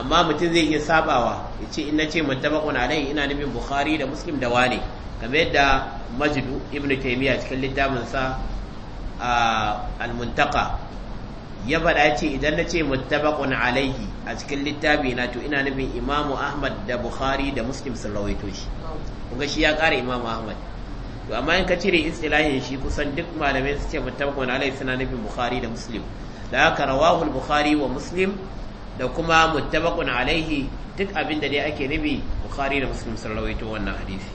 amma mutum zai iya sabawa ya ce ina ce muttabaqun alai ina nufin bukhari da muslim da wane kamar yadda Majidu ibnu taymiya cikin littafin sa al ya faɗa ce idan na ce muttabaqun alaihi a cikin littafi na to ina nufin imamu ahmad da bukhari da muslim sun rawaito shi kuma shi ya ƙara imamu ahmad to amma in ka cire istilahin shi kusan duk malamai su ce muttabaqun alaihi suna nufin bukhari da muslim da haka rawahu bukhari wa muslim da kuma muttabaqun alaihi duk abin da dai ake nubi bukhari da muslim sun rawaito wannan hadisi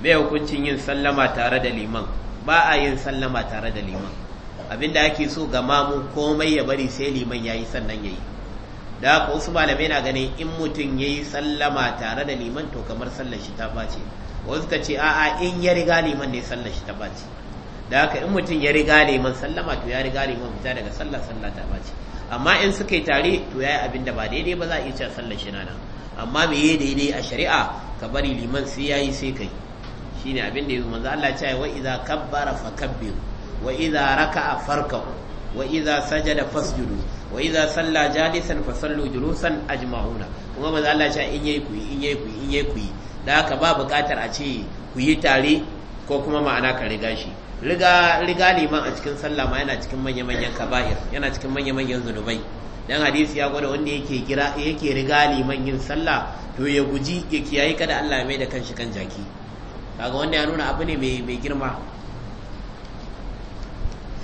me hukuncin yin sallama tare da liman ba a yin sallama tare da liman abinda ake so ga mamu komai ya bari sai liman yayi sannan yayi da ko wasu malamai na ganin in mutum yayi sallama tare da liman to kamar sallar shi ta bace wasu ka ce a'a in ya riga liman ne sallar shi ta bace da haka in mutum ya riga liman sallama to ya riga liman fita daga sallar sallar ta bace amma in suka yi tare to yayi abin da ba daidai ba za a iya cewa sallar shi nana amma me yayi daidai a shari'a ka bari liman sai yayi sai kai shine abin da yazo manzo Allah ya ce wa idza kabbara fakabbir wa idza raka'a farka'u wa idza sajada fasjudu wa idza salla jalisan fasallu julusan ajma'una kuma manzo Allah ya ce in yayi ku in yayi ku in yayi ku da haka ba bukatar a ce ku yi tare ko kuma ma'ana ka riga shi riga riga liman a cikin sallah ma yana cikin manya manyan kaba'ir yana cikin manya manyan zunubai dan hadisi ya gwada wanda yake kira yake riga liman yin sallah to ya guji ya kiyaye kada Allah ya mai da kanshi kan jaki kaga wanda ya nuna abu ne mai mai girma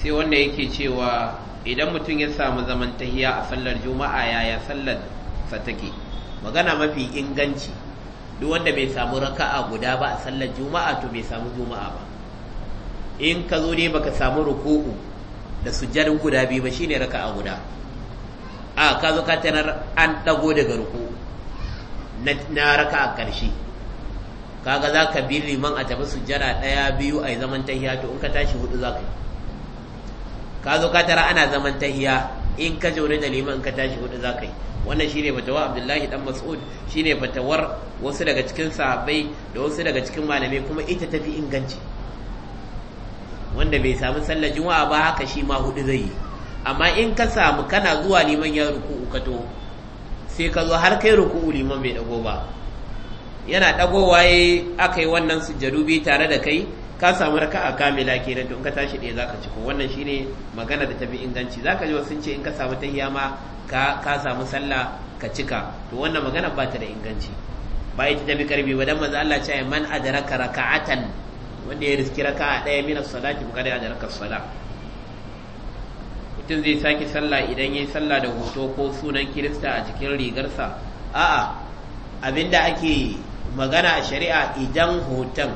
sai wanda yake cewa idan mutum ya samu zaman tahiya a sallar juma'a yaya sallar sa take magana mafi inganci duk wanda bai samu raka'a guda ba a sallar juma'a to bai samu juma'a ba in ka zo ne baka samu ruku'u da sujjar guda biyu ba shine raka'a guda a ka zo ka tanar an dago daga ruku na raka'a karshe kaga za ka bi liman a tafi sujjara ɗaya biyu a zaman tahiya to in ka tashi hudu za ka yi ka zo ka tara ana zaman tahiya in ka jaure da liman in ka tashi hudu za ka yi wannan shine fatawa abdullahi dan mas'ud shine fatawar wasu daga cikin sahabbai da wasu daga cikin malamai kuma ita tafi inganci wanda bai samu sallar juma'a ba haka shi ma hudu zai yi amma in ka samu kana zuwa liman ya ruku'u ka to sai ka zo har kai ruku'u liman bai dago ba yana dagowa yayi aka yi wannan sujjadu bi tare da kai ka samu raka a kamila kenan to in ka tashi ɗaya zaka ci ko wannan shine magana da tafi inganci zaka ji wasu ce in ka samu ta ma ka ka samu sallah ka cika to wannan magana ba ta da inganci ba ta tafi karbi ba dan manzo Allah ya ce man adraka raka'atan wanda ya riski a ɗaya min as-salati kada ya adraka as mutum zai sake sallah idan yayi sallah da hoto ko sunan kirista a cikin rigarsa a'a abinda ake magana a shari'a idan hoton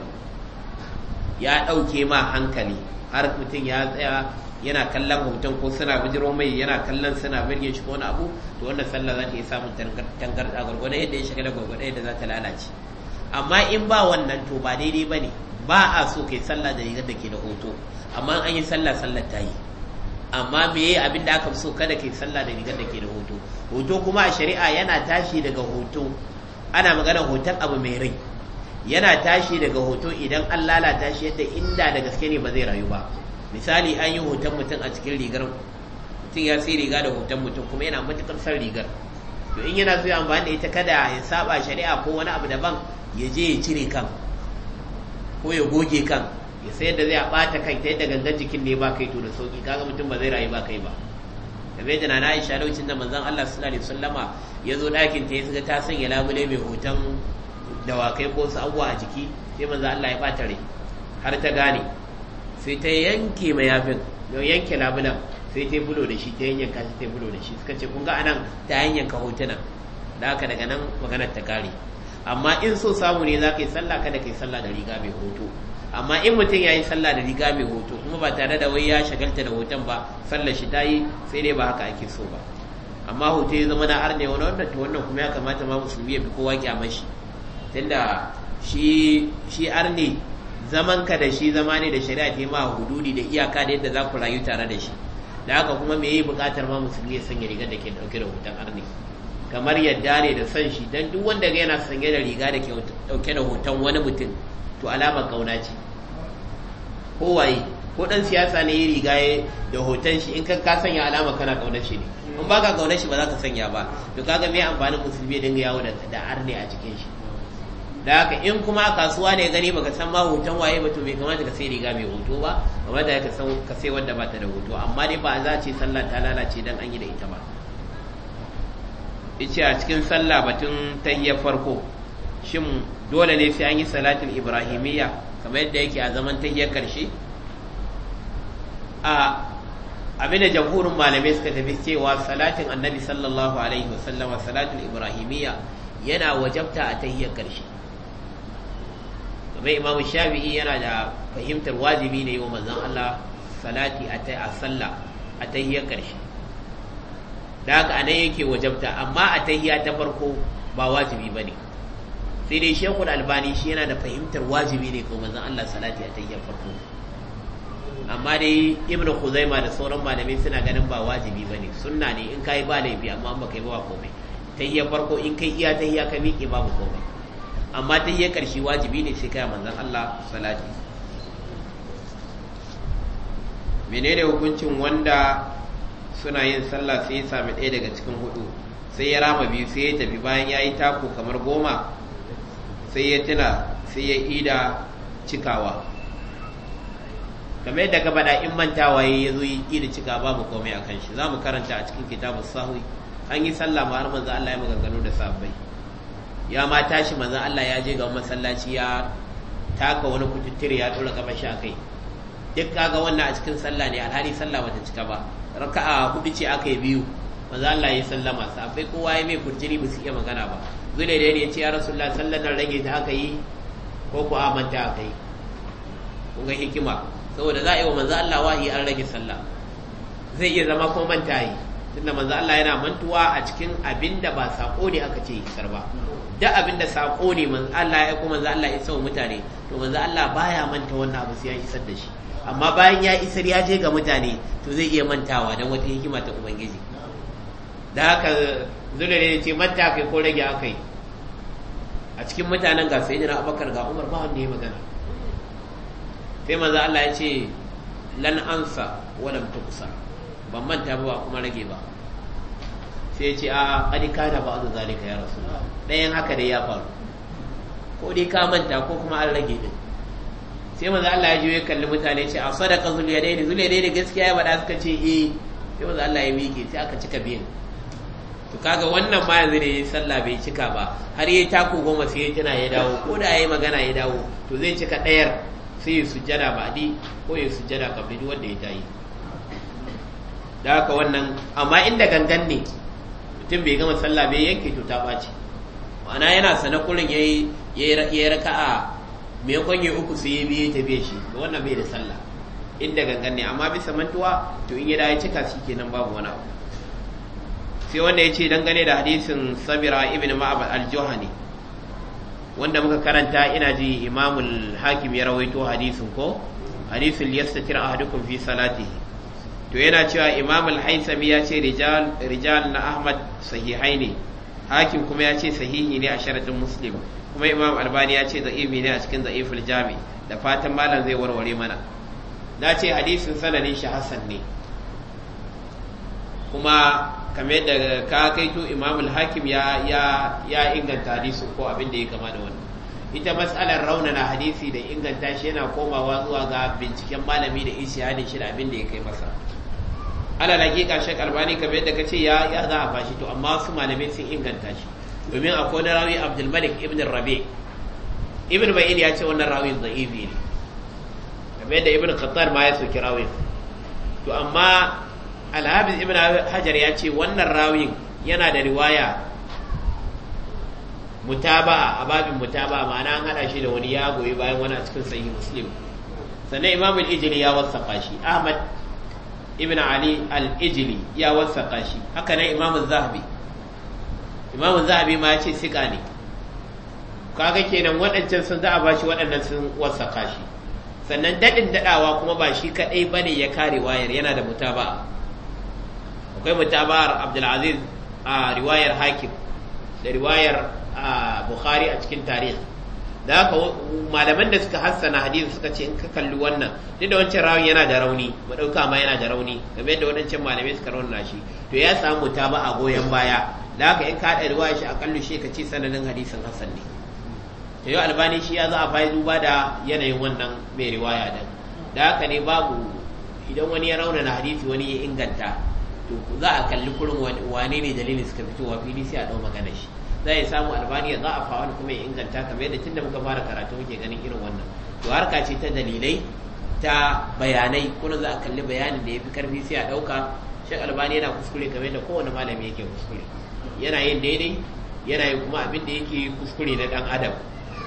ya ɗauke ma hankali har mutum ya tsaya yana kallon hoton ko suna bijiro mai yana kallon suna birge shi ko wani abu to wannan sallah za ta yi samun tangarɗa gwargwado yadda ya shiga da gwargwado yadda za ta lalace amma in ba wannan to ba daidai ba ne ba a so kai sallah da rigar da ke da hoto amma an yi sallah sallar ta yi amma me ya abin da aka so kada kai sallah da rigar da ke da hoto hoto kuma a shari'a yana tashi daga hoto ana magana hoton abu mai rai yana tashi daga hoto idan an lalata shi yadda inda da gaske ne ba zai rayu ba misali an yi hoton mutum a cikin rigar mutum ya sai riga da hoton mutum kuma yana matuƙar san rigar to in yana zuwa amfani da ita kada ya saba shari'a ko wani abu daban ya je ya cire kan ko ya goge kan ya sayar da zai a ɓata kai ta yadda gangan jikin ne ba kai to da sauki kaga mutum ba zai rayu ba kai ba kamar yadda na Aisha lokacin da manzon Allah sallallahu alaihi wasallama ya zo ɗakin ta ya shiga ta sanya labule mai hoton dawakai ko su abuwa a jiki sai manzo Allah ya bata rai har ta gane sai ta yanke mayafin yau yanke labulan sai ta bulo da shi ta yanyan kashi ta bulo da shi suka ce kun ga anan ta ka hotuna da haka daga nan maganar ta kare amma in so samu ne za ka yi sallah kada ka yi sallah da riga mai hoto amma in mutum ya yi sallah da riga mai hoto kuma ba tare da wai ya shagalta da hoton ba sallar shi ta yi sai dai ba haka ake so ba amma hoto ya zama na arne wani wannan to wannan kuma ya kamata ma musulmi ya fi kowa kyamar shi tunda shi shi arne zaman ka da shi zama ne da shari'a ta ma hududi da iyaka da yadda za ku rayu tare da shi da haka kuma me yi bukatar ma musulmi ya sanya rigar da ke dauke da hoton arne kamar yadda ne da son shi dan duk wanda ga yana sanye da riga da ke dauke da hoton wani mutum to alamar kauna ce ko waye ko dan siyasa ne ya riga da hoton shi in ka sanya alama kana kaunar shi ne in baka kaunar shi ba za ka sanya ba to kaga me amfanin musulmi ya dinga yawo da arne a cikin shi da haka in kuma a kasuwa ne gani baka san ma hoton waye ba to bai kamata ka sai riga mai hoto ba kamar da ka san ka sai wanda ba ta da hoto amma dai ba za a ce sallah ta lalace dan an yi da ita ba ice a cikin sallah batun tayyar farko shin dole ne sai an yi salatul ibrahimiyya kamar yadda yake a zaman tayyar karshe a abinda jamhurin malamai suka tafi cewa salatin annabi sallallahu alaihi wasallama salatul ibrahimiyya yana wajabta a tayyar karshe kamar imam shafi'i yana da fahimtar wajibi ne yi wa mazan Allah salati a ta sallah a ta hiyar karshe da haka anan yake wajabta amma a ta tahiya ta farko ba wajibi ne sai dai shekul albani shi yana da fahimtar wajibi ne ko mazan Allah salati a ta tahiyar farko amma dai ibn khuzaima da sauran malamai suna ganin ba wajibi ba ne, sunna ne in kai ba laifi amma in baka yi ba komai Ta tahiyar farko in kai iya tahiya ka miƙe babu komai amma ta yi karshe wajibi ne sai kai manzon Allah salati menene hukuncin wanda suna yin sallah sai ya sami ɗaya daga cikin hudu sai ya rama biyu sai ya tafi bayan ya yi tako kamar goma sai ya tuna sai ya ida cikawa kamar yadda ka faɗa in mantawa ya zo yi ida cika babu komai a kan shi za mu karanta a cikin kitabun sahwi an yi sallah ma har manzo Allah ya maganganu da sabbai ya ma tashi manzan Allah ya je ga masallaci ya taka wani kututture ya dora kafa shi kai. duk kaga wannan a cikin sallah ne alhali sallah bata cika ba raka'a hudu ce aka yi biyu manzan Allah ya sallama sahabbai kowa ya mai kujiri ba su iya magana ba zule da ya ce ya rasulullah sallar nan rage ta aka yi ko ko a manta aka yi kun ga hikima saboda za a yi wa manzan Allah wahi an rage sallah zai iya zama ko manta yi tunda manzo Allah yana mantuwa a cikin abinda ba sako ne aka ce isar ba duk abinda sako ne manzo Allah ya kuma manzo Allah ya isa mutane to manzo Allah baya manta wannan abu sai ya isar da shi amma bayan ya isar ya je ga mutane to zai iya mantawa dan wata hikima ta ubangiji da haka zulale ne ce manta kai ko rage akai a cikin mutanen ga jira abakar ga Umar ba wanda ya magana sai manzo Allah ya ce lan ansa wa lam tuqsa ban manta ba kuma rage ba sai ya ce a kadi kana ba da zalika ya rasu ɗayan haka dai ya faru ko dai ka manta ko kuma an rage din sai maza Allah ya je ya kalli mutane ce a sadaka zuliya dai ne zuliya dai ne gaskiya ya faɗa suka ce eh sai maza Allah ya miƙe sai aka cika biyan to kaga wannan ma yanzu ne sallah bai cika ba har yayi tako goma sai ya tana ya dawo ko da ya yi magana ya dawo to zai cika ɗayar sai ya sujjada baɗi ko ya sujjada kabli wanda ya tayi da haka wannan amma inda gangan ne mutum bai gama sallah bai yanke to ta ɓaci ma'ana yana sana kurin yayi yayi raka'a me yakon yayi uku sai ya biye ta biye shi wannan bai da sallah inda gangan ne amma bisa mantuwa to in ya ya cika shi kenan babu wani abu sai wanda ya ce dangane da hadisin sabira ibn ma'ab al-juhani wanda muka karanta ina ji imamul hakim ya rawaito hadisin ko hadisin yastatir ahadukum fi salatihi to yana cewa imam al-haisami ya ce rijal na ahmad sahihai ne hakim kuma ya ce sahihi ne a sharadin muslim kuma imam albani ya ce za'ibi ne a cikin za'iful jami da fatan malam zai warware mana na ce hadisin sanadin shi hassan ne kuma kamar da ka kaito imam al-hakim ya ya inganta hadisin ko abin da ya gama da ita matsalar na hadisi da inganta shi yana komawa zuwa ga binciken malami da ishtihadin shi da abin da ya kai masa ala laƙiƙa shek albani kamar yadda ka ce ya ya za a fashi to amma su malamai sun inganta shi domin akwai na rawi abdulmalik ibn rabe ibn bayin ya ce wannan rawin za'ibi ne kamar yadda ibn khattar ma ya soki rawin to amma alhabis ibn hajar ya ce wannan rawin yana da riwaya mutaba, a babin mutaba'a ma'ana an haɗa shi da wani ya goyi bayan wani a cikin sahih muslim sannan imamul ijili ya wasafa shi ahmad ibn ali al-ijli ya wasaka shi haka nan imam zahabi imam zahabi ma ya ce sika ne kaga kenan waɗancan sun za a bashi waɗannan sun wasaka shi sannan daɗin daɗawa kuma ba shi kaɗai ba ne ya kare wayar yana da mutaba akwai mutaba'ar abdulaziz a riwayar hakim da riwayar bukhari a cikin tarihi da aka malaman da suka hassana hadisi suka ce in ka kalli wannan duk da wancan rawin yana da rauni mu dauka ma yana da rauni game yadda wancan malamai suka rauna shi to ya samu ba a goyen baya da aka in ka da ruwa shi akallu shi ka ce sanadin hadisin hassan ne to yau albani shi ya za a fayi duba da yanayin wannan mai riwaya din da haka ne babu idan wani ya rauna na hadisi wani ya inganta to za a kalli kurin wane ne dalilin suka fitowa fili sai a dau magana shi za ya samu albani ya za a wani kuma ya inganta kamar yadda tun da muka fara karatu muke ganin irin wannan to harka ce ta dalilai ta bayanai kuma za a kalli bayanin da ya fi karfi sai a ɗauka shek albani yana kuskure kamar yadda kowane malami yake kuskure yana yin daidai yana yin kuma abin da yake kuskure na dan adam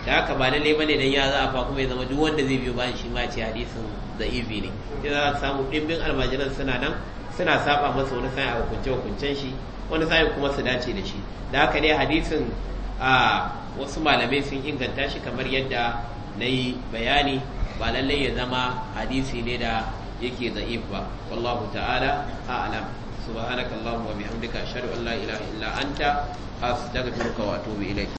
da haka ba lalle bane dan ya za a fa kuma ya zama duk wanda zai biyo bayan shi ma ce hadisin da ibi ne sai za a samu dimbin almajiran suna nan suna saba masa wani sai a hukunce hukuncen shi wani sai kuma su dace da shi da haka dai hadisin a wasu malamai sun inganta shi kamar yadda na yi bayani ba lallai ya zama hadisi ne da yake za'if ba wallahu ta'ala a'lam subhanakallahumma wa bihamdika ashhadu an la ilaha illa anta astaghfiruka wa atubu ilayk